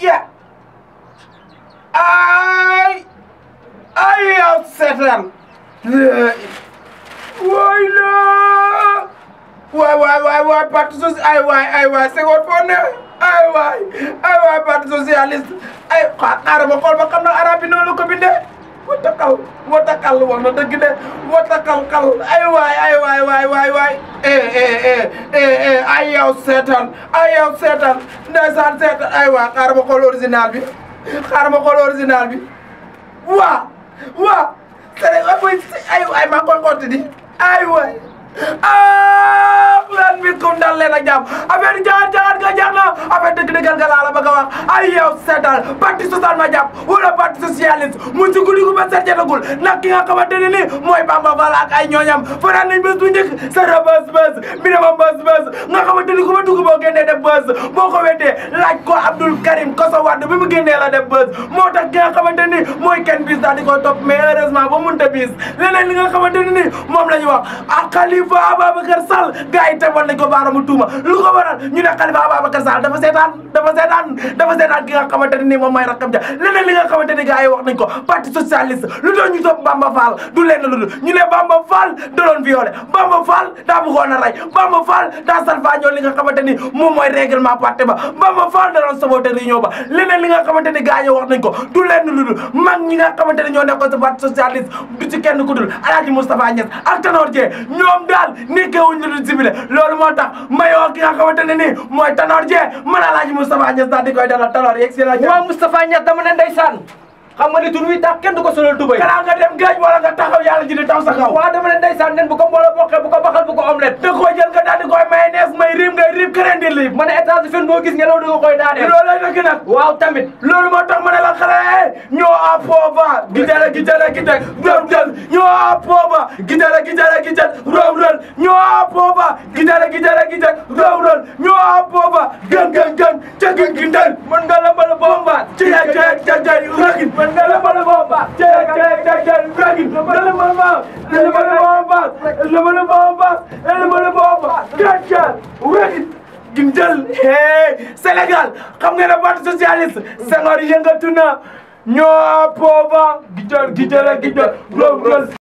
ya ay ay yow seetaan waay la waay waay waay waay parti soci ay waay ay waay Senghor foo ne ay waay ay waay parti socialiste ma xool ba xam na bi noonu moo takkal moo takkal wax na dëgg de moo takkal kal ay waay ay waay waay waay waay eh, eh, eh, ay yow seetaan ay yow seetaan ndeysaan seetaan ay waay xaaral ma xool original bi xaaral ma xool original bi waa waa sëriñ ay waay ay waay maa ngi koy xotti di ay waay ah lan bi kum dal leen ak jàmm affaire wax ay yow seetal parti social ma jàpp wala parti socialiste mu ci guddi gu ba set jotagul nag nga xamante ne nii ay ñooñam fanaan nañ bés bu njëkk sa da bés bés mi ne ma bés bés nga xamante ni ku ma dugg boo génnee def bés boo ko wettee laaj ko Abdoul Karim Koso Wade bi mu génnee la def bés moo tax ki nga xamante ni mooy kenn bis daal di ko topp mais heureusement ba mënta bis leneen li nga xamante ne nii moom la ñu wax ak Khalifa Ababacar Sall gars yi tegoon nañ ne dafa seetaan ki nga xamante ne nii moom mooy rakam ja leneen li nga xamante ni gars ko parti socialiste lu doon ñu topp Bamba Fall du leen lu dul ñu ne Bamba Fall a rey Bamba du ci kenn ku dul Alaaji Moustapha Niass ak Tanor Dieng ñoom daal nekkeewuñ lu dul sibile loolu moo koy dalal dalal yegg si la. waaw Moustapha Niass dama ne ndeysaan xam nga ni tur wi kenn du ko solal tubay kanaaw nga dem géej wala nga taxaw yàlla ji di taw sa kaw waaw dama ne ndeysaan nen bu ko mbooloo bokkee bu ko baxal bu ko omelette da koy jël nga daal di koy mayonnaise may riim ngay riim keneen di riim ma ne étage fen boo gis ngelaw di nga koy daaneel loolu lay dëgg nag waaw tamit loolu ma ne la xale ñoo a pooba gitale gitale gital rom dal ñoo a pooba gitale gitale gital rom dal ñoo a pooba a gi ndal mën nga lambal bomba Ele bomba, ele bomba, ele bomba. Gàcce wéy jim jël Sénégal xam nga ne parti socialiste Senghor yëngatu na ñoo pooba gijoor gijoor ak gijoor